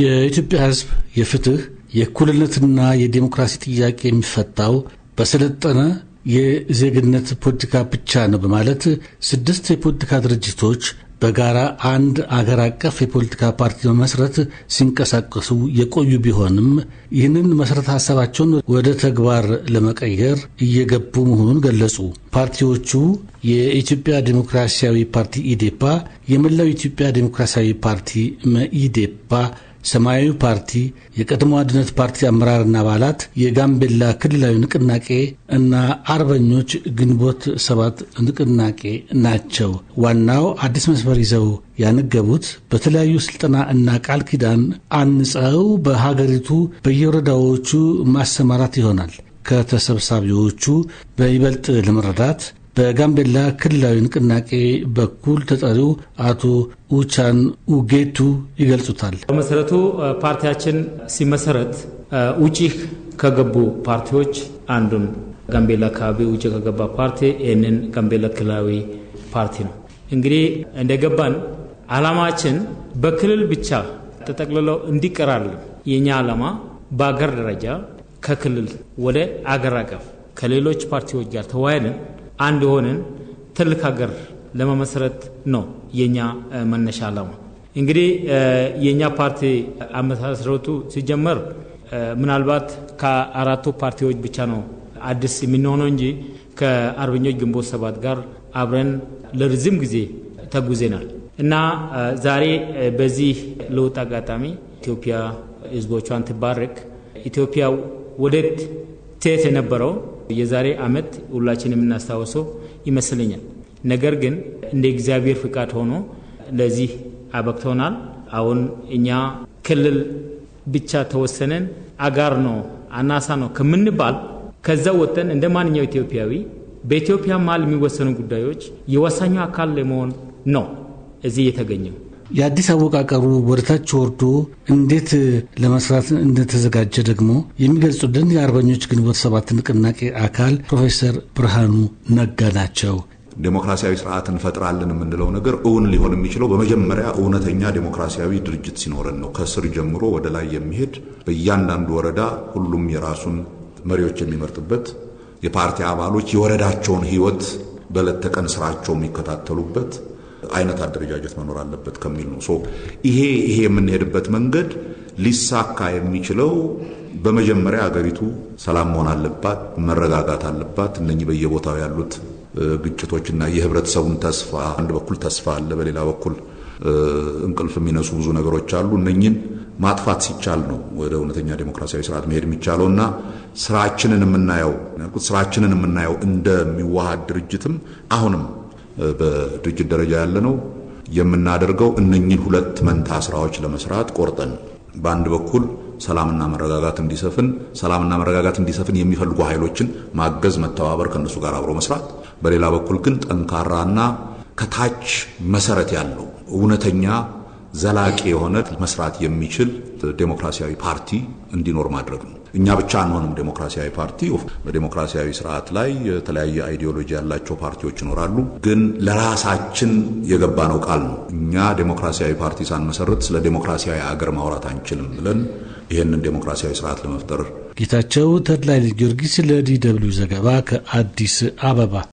የኢትዮጵያ ሕዝብ የፍትህ የእኩልነትና የዴሞክራሲ ጥያቄ የሚፈታው በሰለጠነ የዜግነት ፖለቲካ ብቻ ነው በማለት ስድስት የፖለቲካ ድርጅቶች በጋራ አንድ አገር አቀፍ የፖለቲካ ፓርቲ በመስረት ሲንቀሳቀሱ የቆዩ ቢሆንም ይህንን መሰረተ ሀሳባቸውን ወደ ተግባር ለመቀየር እየገቡ መሆኑን ገለጹ። ፓርቲዎቹ የኢትዮጵያ ዴሞክራሲያዊ ፓርቲ ኢዴፓ፣ የመላው ኢትዮጵያ ዴሞክራሲያዊ ፓርቲ መኢዴፓ ሰማያዊ ፓርቲ፣ የቀድሞ አንድነት ፓርቲ አመራርና አባላት፣ የጋምቤላ ክልላዊ ንቅናቄ እና አርበኞች ግንቦት ሰባት ንቅናቄ ናቸው። ዋናው አዲስ መስመር ይዘው ያነገቡት በተለያዩ ስልጠና እና ቃል ኪዳን አንጸው በሀገሪቱ በየወረዳዎቹ ማሰማራት ይሆናል። ከተሰብሳቢዎቹ በይበልጥ ለመረዳት በጋምቤላ ክልላዊ ንቅናቄ በኩል ተጠሪው አቶ ኡቻን ኡጌቱ ይገልጹታል። በመሰረቱ ፓርቲያችን ሲመሰረት ውጪ ከገቡ ፓርቲዎች አንዱን ጋምቤላ አካባቢ ውጭ ከገባ ፓርቲ ይህንን ጋምቤላ ክልላዊ ፓርቲ ነው። እንግዲህ እንደገባን አላማችን በክልል ብቻ ተጠቅልለው እንዲቀራልን የእኛ ዓላማ በአገር ደረጃ ከክልል ወደ አገር አቀፍ ከሌሎች ፓርቲዎች ጋር ተዋህደን አንድ ሆነን ትልቅ ሀገር ለመመስረት ነው የኛ መነሻ አላማ። እንግዲህ የእኛ ፓርቲ አመሳስረቱ ሲጀመር ምናልባት ከአራቱ ፓርቲዎች ብቻ ነው አዲስ የምንሆነው እንጂ ከአርበኞች ግንቦት ሰባት ጋር አብረን ለረጅም ጊዜ ተጉዘናል እና ዛሬ በዚህ ለውጥ አጋጣሚ ኢትዮጵያ ህዝቦቿን ትባርክ። ኢትዮጵያ ወደት ትሄድ የነበረው የዛሬ ዓመት ሁላችን የምናስታውሰው ይመስለኛል። ነገር ግን እንደ እግዚአብሔር ፍቃድ ሆኖ ለዚህ አበቅቶናል። አሁን እኛ ክልል ብቻ ተወሰነን አጋር ነው አናሳ ነው ከምንባል ከዛ ወጥተን እንደ ማንኛው ኢትዮጵያዊ በኢትዮጵያ ማል የሚወሰኑ ጉዳዮች የወሳኙ አካል ለመሆን ነው እዚህ የተገኘው። የአዲስ አወቃቀሩ ወደታች ወርዶ እንዴት ለመስራት እንደተዘጋጀ ደግሞ የሚገልጹልን የአርበኞች ግንቦት ሰባት ንቅናቄ አካል ፕሮፌሰር ብርሃኑ ነጋ ናቸው። ዴሞክራሲያዊ ስርዓት እንፈጥራለን የምንለው ነገር እውን ሊሆን የሚችለው በመጀመሪያ እውነተኛ ዴሞክራሲያዊ ድርጅት ሲኖረን ነው። ከስር ጀምሮ ወደ ላይ የሚሄድ በእያንዳንዱ ወረዳ ሁሉም የራሱን መሪዎች የሚመርጥበት የፓርቲ አባሎች የወረዳቸውን ሕይወት በዕለት ተቀን ስራቸው የሚከታተሉበት አይነት አደረጃጀት መኖር አለበት ከሚል ነው። ሶ ይሄ ይሄ የምንሄድበት መንገድ ሊሳካ የሚችለው በመጀመሪያ አገሪቱ ሰላም መሆን አለባት፣ መረጋጋት አለባት። እነኚህ በየቦታው ያሉት ግጭቶችና የህብረተሰቡን ተስፋ አንድ በኩል ተስፋ አለ፣ በሌላ በኩል እንቅልፍ የሚነሱ ብዙ ነገሮች አሉ። እነኚህን ማጥፋት ሲቻል ነው ወደ እውነተኛ ዴሞክራሲያዊ ስርዓት መሄድ የሚቻለው እና ስራችንን የምናየው ስራችንን የምናየው እንደሚዋሃድ ድርጅትም አሁንም በድርጅት ደረጃ ያለ ነው የምናደርገው እነኝን ሁለት መንታ ስራዎች ለመስራት ቆርጠን በአንድ በኩል ሰላምና መረጋጋት እንዲሰፍን ሰላምና መረጋጋት እንዲሰፍን የሚፈልጉ ኃይሎችን ማገዝ፣ መተባበር፣ ከእነሱ ጋር አብሮ መስራት፣ በሌላ በኩል ግን ጠንካራና ከታች መሰረት ያለው እውነተኛ ዘላቂ የሆነ መስራት የሚችል ዴሞክራሲያዊ ፓርቲ እንዲኖር ማድረግ ነው። እኛ ብቻ አንሆንም ዴሞክራሲያዊ ፓርቲ። በዴሞክራሲያዊ ስርዓት ላይ የተለያየ አይዲዮሎጂ ያላቸው ፓርቲዎች ይኖራሉ። ግን ለራሳችን የገባነው ቃል ነው። እኛ ዴሞክራሲያዊ ፓርቲ ሳንመሰርት ስለ ዴሞክራሲያዊ አገር ማውራት አንችልም ብለን ይህንን ዴሞክራሲያዊ ስርዓት ለመፍጠር ጌታቸው ተድላይ ጊዮርጊስ ለዲ ደብልዩ ዘገባ ከአዲስ አበባ